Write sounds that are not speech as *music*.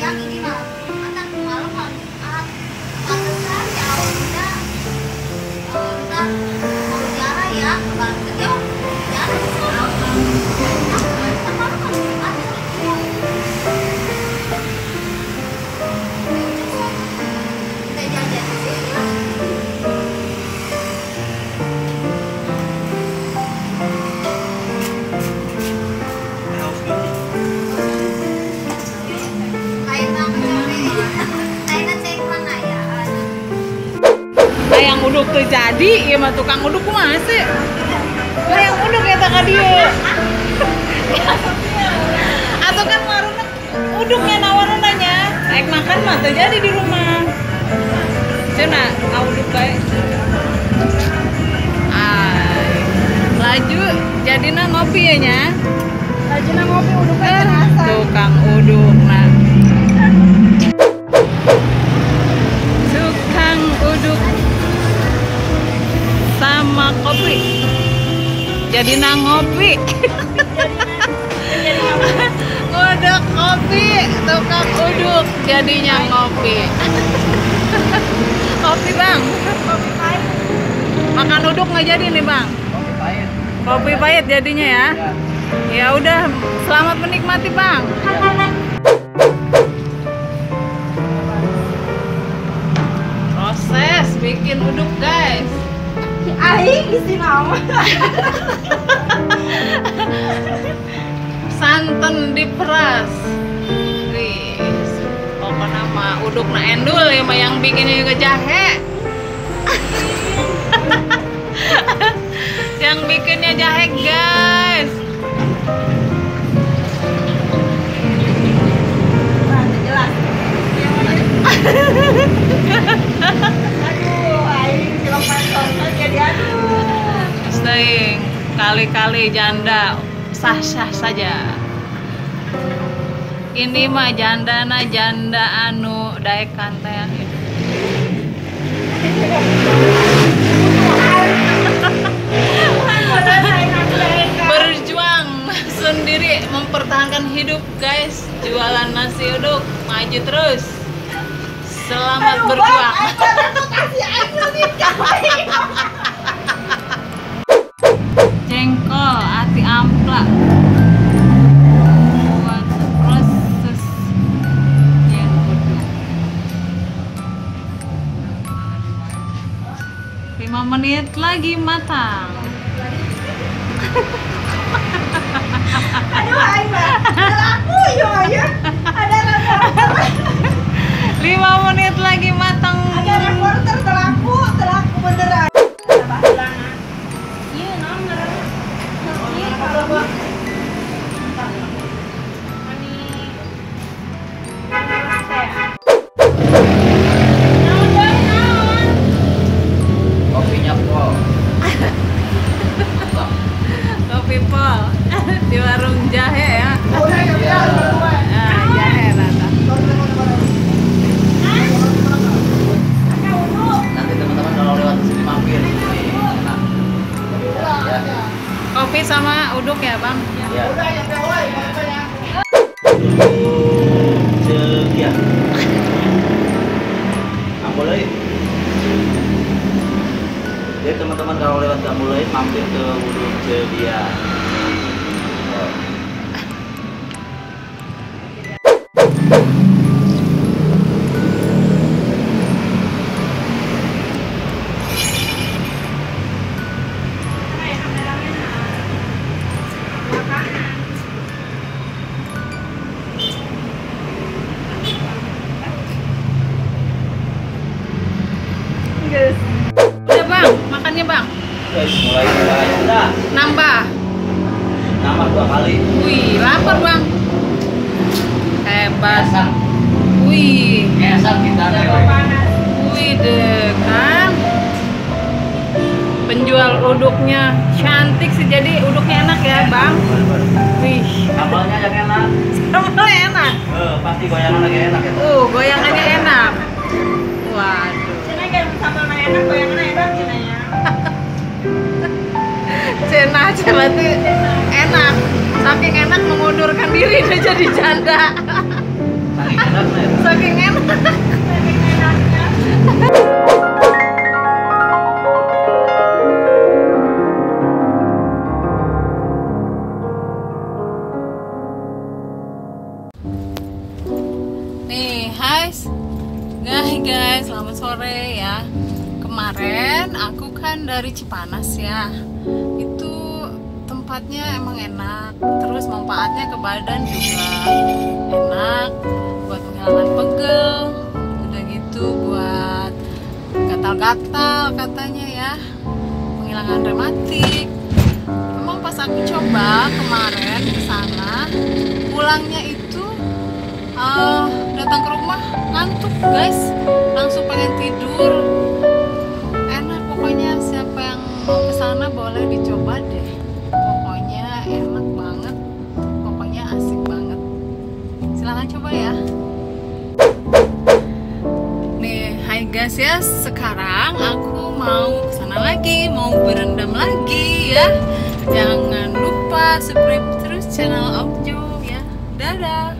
Yummy. tuh jadi ya mah tukang uduk masih nah yang uduk ya tak dia *laughs* atau kan warungnya kan uduknya nawar nanya naik makan mah tuh jadi di rumah cina uduk baik Ay, ah, laju jadi ngopi ya nya laju ngopi uduk eh, tukang uduk nah sama kopi jadi nang kopi nguduk kopi tukang uduk jadinya kopi kopi bang makan uduk nggak jadi nih bang kopi pahit kopi pahit jadinya ya iya. ya udah selamat menikmati bang proses bikin uduk guys aing isi nama santan diperas nih apa nama uduk na endul ya mah yang bikinnya juga jahe *laughs* yang bikinnya jahe guys Kali janda sah-sah saja ini mah janda na janda anu daek kantean itu berjuang sendiri mempertahankan hidup guys jualan nasi uduk maju terus selamat berjuang 5 menit lagi matang aduh Aiman ada aku yo ya ada 5 menit lagi matang ada reporter telaku telaku beneran Iya, nomor. Iya, kalau kopi sama uduk ya bang ya. Jadi teman-teman kalau lewat Ambulai mampir ke Uduk Cegia. guys udah bang makannya bang guys mulai mulai udah nambah nambah dua kali wih lapar bang hebat wih biasa kita ada wih deh kan penjual uduknya cantik sih jadi uduknya enak ya bang wih sambalnya yang enak sambalnya enak eh, pasti goyangan lagi enak ya uh goyangannya enak waduh enak bayangan enak cina ya cina cina berarti enak saking enak mengundurkan diri dia jadi janda saking enak saking enak enaknya Nih, guys. Guys, guys, selamat sore ya kemarin aku kan dari Cipanas ya itu tempatnya emang enak terus manfaatnya ke badan juga enak buat menghilangkan pegel udah gitu buat gatal-gatal katanya ya menghilangkan rematik emang pas aku coba kemarin ke sana pulangnya itu uh, datang ke rumah ngantuk guys guys sekarang aku mau kesana lagi mau berendam lagi ya jangan lupa subscribe terus channel Om Jo ya dadah